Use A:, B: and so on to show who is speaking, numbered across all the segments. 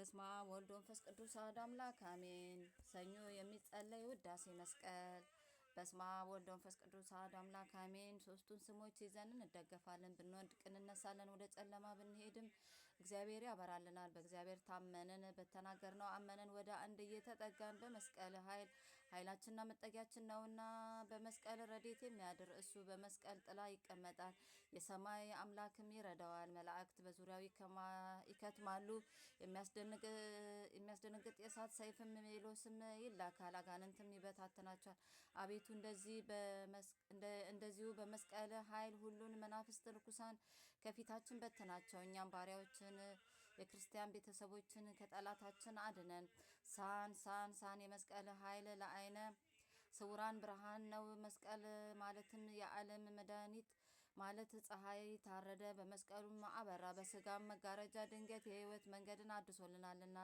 A: በስመ አብ ወልድ ወመንፈስ ቅዱስ አሐዱ አምላክ አሜን። ሰኞ የሚጸለይ ውዳሴ መስቀል በስመ አብ ወልድ ወመንፈስ ቅዱስ አሐዱ አምላክ አሜን። ሶስቱን ስሞች ይዘን እንደገፋለን። ብንወድቅ እንነሳለን፣ ወደ ጨለማ ብንሄድም እግዚአብሔር ያበራልናል። በእግዚአብሔር ታመንን፣ በተናገርነው አመንን፣ ወደ አንድ እየተጠጋን በመስቀል ኃይል ኃይላችንና መጠጊያችን ነውና በመስቀል ረዴት የሚያድር እሱ በመስቀል ጥላ ይቀመጣል። የሰማይ አምላክም ይረዳዋል። መላእክት በዙሪያው ይከትማሉ። የሚያስደነግጥ የእሳት ሰይፍም ሜሎስም ይላካል። አጋንንትም ይበታተናቸዋል። አቤቱ እንደዚሁ በመስቀል ኃይል ሁሉን መናፍስት ርኩሳን ከፊታችን በትናቸው እኛም ባሪያዎችን የክርስቲያን ቤተሰቦችን ከጠላታችን አድነን። ሳን ሳን ሳን የመስቀል ኃይል ለአይነ ስውራን ብርሃን ነው። መስቀል ማለትም የዓለም መድኃኒት ማለት ፀሐይ ታረደ፣ በመስቀሉም አበራ፣ በስጋም መጋረጃ ድንገት የህይወት መንገድን አድሶልናልና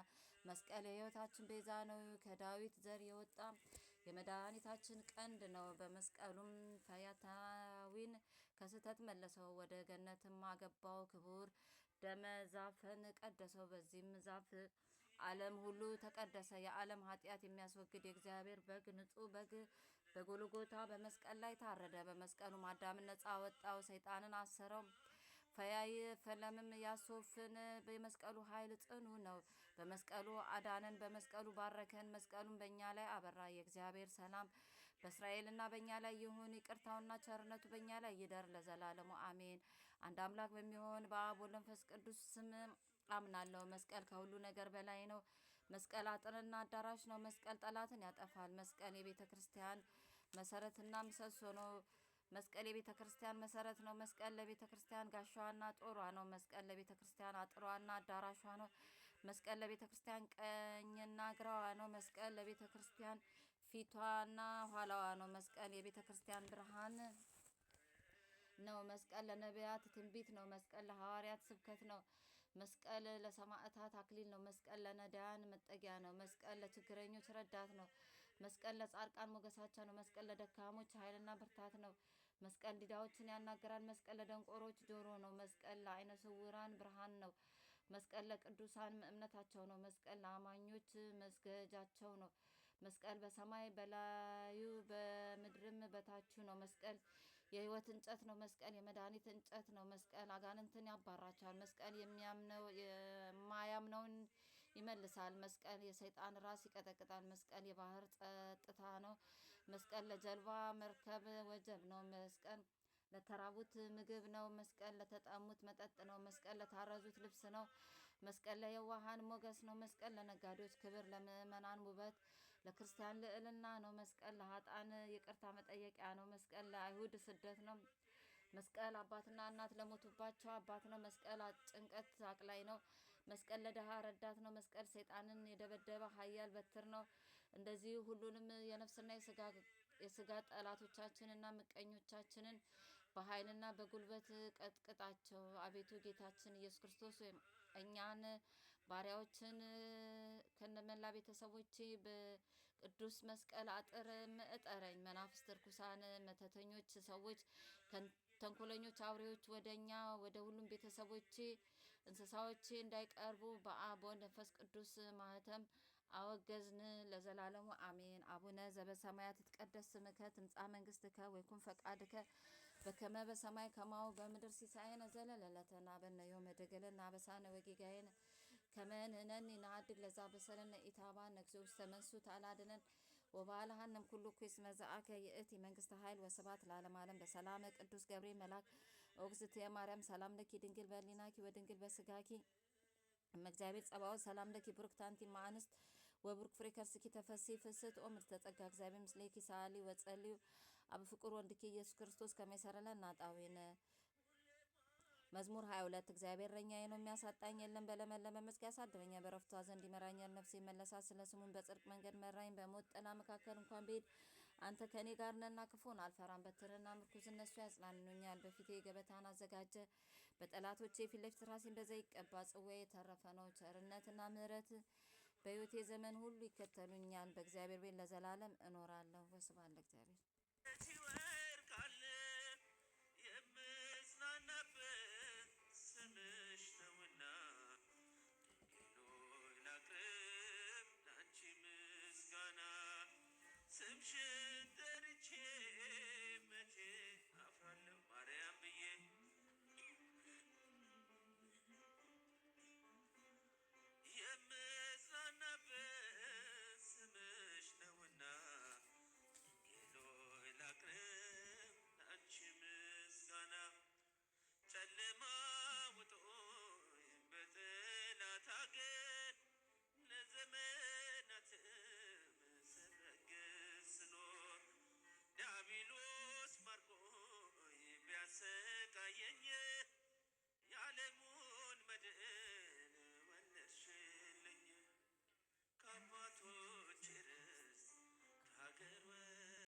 A: መስቀል የህይወታችን ቤዛ ነው። ከዳዊት ዘር የወጣ የመድኃኒታችን ቀንድ ነው። በመስቀሉም ፈያታዊን ከስህተት መለሰው፣ ወደ ገነትም አገባው። ክቡር ደመ ዛፍን ቀደሰው። በዚህም ዛፍ ዓለም ሁሉ ተቀደሰ። የዓለም ኃጢአት የሚያስወግድ የእግዚአብሔር በግ ንጹህ በግ በጎልጎታ በመስቀል ላይ ታረደ። በመስቀሉ አዳምን ነጻ ወጣው፣ ሰይጣንን አሰረው። ፈያይ ፈለምም ያሶፍን የመስቀሉ ኃይል ጽኑ ነው። በመስቀሉ አዳነን፣ በመስቀሉ ባረከን፣ መስቀሉን በእኛ ላይ አበራ። የእግዚአብሔር ሰላም በእስራኤልና በእኛ ላይ ይሁን። ይቅርታውና ቸርነቱ በእኛ ላይ ይደር ለዘላለሙ አሜን። አንድ አምላክ በሚሆን በአብ ወልድ ቅዱስ ስም አምናለሁ። መስቀል ከሁሉ ነገር በላይ ነው። መስቀል አጥርና አዳራሽ ነው። መስቀል ጠላትን ያጠፋል። መስቀል የቤተ ክርስቲያን መሰረትና ምሰሶ ነው። መስቀል የቤተ ክርስቲያን መሰረት ነው። መስቀል ለቤተ ክርስቲያን ጋሻዋና ጦሯ ነው። መስቀል ለቤተ ክርስቲያን አጥሯና አዳራሿ ነው። መስቀል ለቤተ ክርስቲያን ቀኝና ግራዋ ነው። መስቀል ለቤተ ክርስቲያን ፊቷና ኋላዋ ነው መስቀል። የቤተ ክርስቲያን ብርሃን ነው መስቀል። ለነቢያት ትንቢት ነው መስቀል። ለሐዋርያት ስብከት ነው መስቀል። ለሰማዕታት አክሊል ነው መስቀል። ለነዳያን መጠጊያ ነው መስቀል። ለችግረኞች ረዳት ነው መስቀል። ለጻድቃን ሞገሳቸው ነው መስቀል። ለደካሞች ኃይልና ብርታት ነው መስቀል። ዲዳዎችን ያናገራል መስቀል። ለደንቆሮች ጆሮ ነው መስቀል። ለአይነ ስውራን ብርሃን ነው መስቀል። ለቅዱሳን እምነታቸው ነው መስቀል። ለአማኞች መስገጃቸው ነው መስቀል በሰማይ በላዩ በምድርም በታች ነው። መስቀል የህይወት እንጨት ነው። መስቀል የመድኃኒት እንጨት ነው። መስቀል አጋንንትን ያባራቻል። መስቀል የማያምነውን ይመልሳል። መስቀል የሰይጣን ራስ ይቀጠቅጣል። መስቀል የባህር ጸጥታ ነው። መስቀል ለጀልባ መርከብ ወጀብ ነው። መስቀል ለተራቡት ምግብ ነው። መስቀል ለተጠሙት መጠጥ ነው። መስቀል ለታረዙት ልብስ ነው። መስቀል ለየዋሃን ሞገስ ነው። መስቀል ለነጋዴዎች ክብር፣ ለምእመናን ውበት ለክርስቲያን ልዕልና ነው መስቀል፣ ለሀጣን ይቅርታ መጠየቂያ ነው መስቀል፣ ለአይሁድ ስደት ነው መስቀል፣ አባትና እናት ለሞቱባቸው አባት ነው መስቀል፣ ጭንቀት አቅላይ ነው መስቀል፣ ለድሃ ረዳት ነው መስቀል፣ ሰይጣንን የደበደበ ኃያል በትር ነው። እንደዚህ ሁሉንም የነፍስና የስጋ የስጋ ጠላቶቻችንና ምቀኞቻችንን በኃይልና በጉልበት ቀጥቅጣቸው። አቤቱ ጌታችን ኢየሱስ ክርስቶስ እኛን ባሪያዎችን ከነመላ ቤተሰቦቼ በቅዱስ መስቀል አጥርም እጠረኝ። መናፍስት፣ ርኩሳን፣ መተተኞች ሰዎች ተንኮለኞች አውሬዎች ወደኛ ወደ ሁሉም ቤተሰቦቼ እንስሳዎቼ እንዳይቀርቡ በአብ በወልድ ቅዱስ ማህተም አወገዝን ለዘላለሙ አሜን። አቡነ ዘበሰማያት ይትቀደስ ስምከ ትምጻእ መንግስትከ ወይኩን ፈቃድከ በከመ በሰማይ ከማሁ በምድር ሲሳየነ ዘለለዕለትነ ሀበነ ዮም ወኅድግ ለነ አበሳነ ወጌጋየነ ከመንህነኒ ንአድግ ለዛ በሰለነ ኢታባ ነግዚኦ ውስተ መንሱ ተአላድለን ወባዓለ ኩሉ ኩስ መዛአከ የእቲ መንግስተ ኃይል ወስብሐት ለዓለመ ዓለም። በሰላመ ቅዱስ ገብርኤል መልአክ ኦግዝእትየ ማርያም ሰላም ለኪ ድንግል በሊናኪ ወድንግል በስጋኪ መእግዚአብሔር ጸባኦት ሰላም ለኪ ብሩክት አንቲ እምአንስት ወብሩክ ፍሬ ከርስኪ ተፈሥሒ ፍስሕት ኦ ምልዕተ ጸጋ እግዚአብሔር ምስሌኪ ሰአሊ ወጸልዩ አብ ፍቁር ወልድኪ ኢየሱስ ክርስቶስ ከመይ ሰረለ እናጣዊነ መዝሙር 22 እግዚአብሔር እረኛዬ ነው የሚያሳጣኝ የለም፣ በለመለመ መስክ ያሳድረኛል፣ በዕረፍቱ ዘንድ ይመራኛል። ነፍሴ መለሳ ስለ ስሙን በጽድቅ መንገድ መራኝ። በሞት ጥላ መካከል እንኳን ብሄድ አንተ ከእኔ ጋር ነህና ክፉን አልፈራም። በትርና ምርኩዝ እነሱ ያጽናኑኛል። በፊቴ ገበታን አዘጋጀ፣ በጠላቶቼ ፊት ለፊት ራሴን በዘይት ቀባ። ጽዋዬ የተረፈ ነው፣ ቸርነትና ምሕረት በሕይወቴ ዘመን ሁሉ ይከተሉኛል። በእግዚአብሔር ቤት ለዘላለም እኖራለሁ። ወስብሐት ለእግዚአብሔር። It is.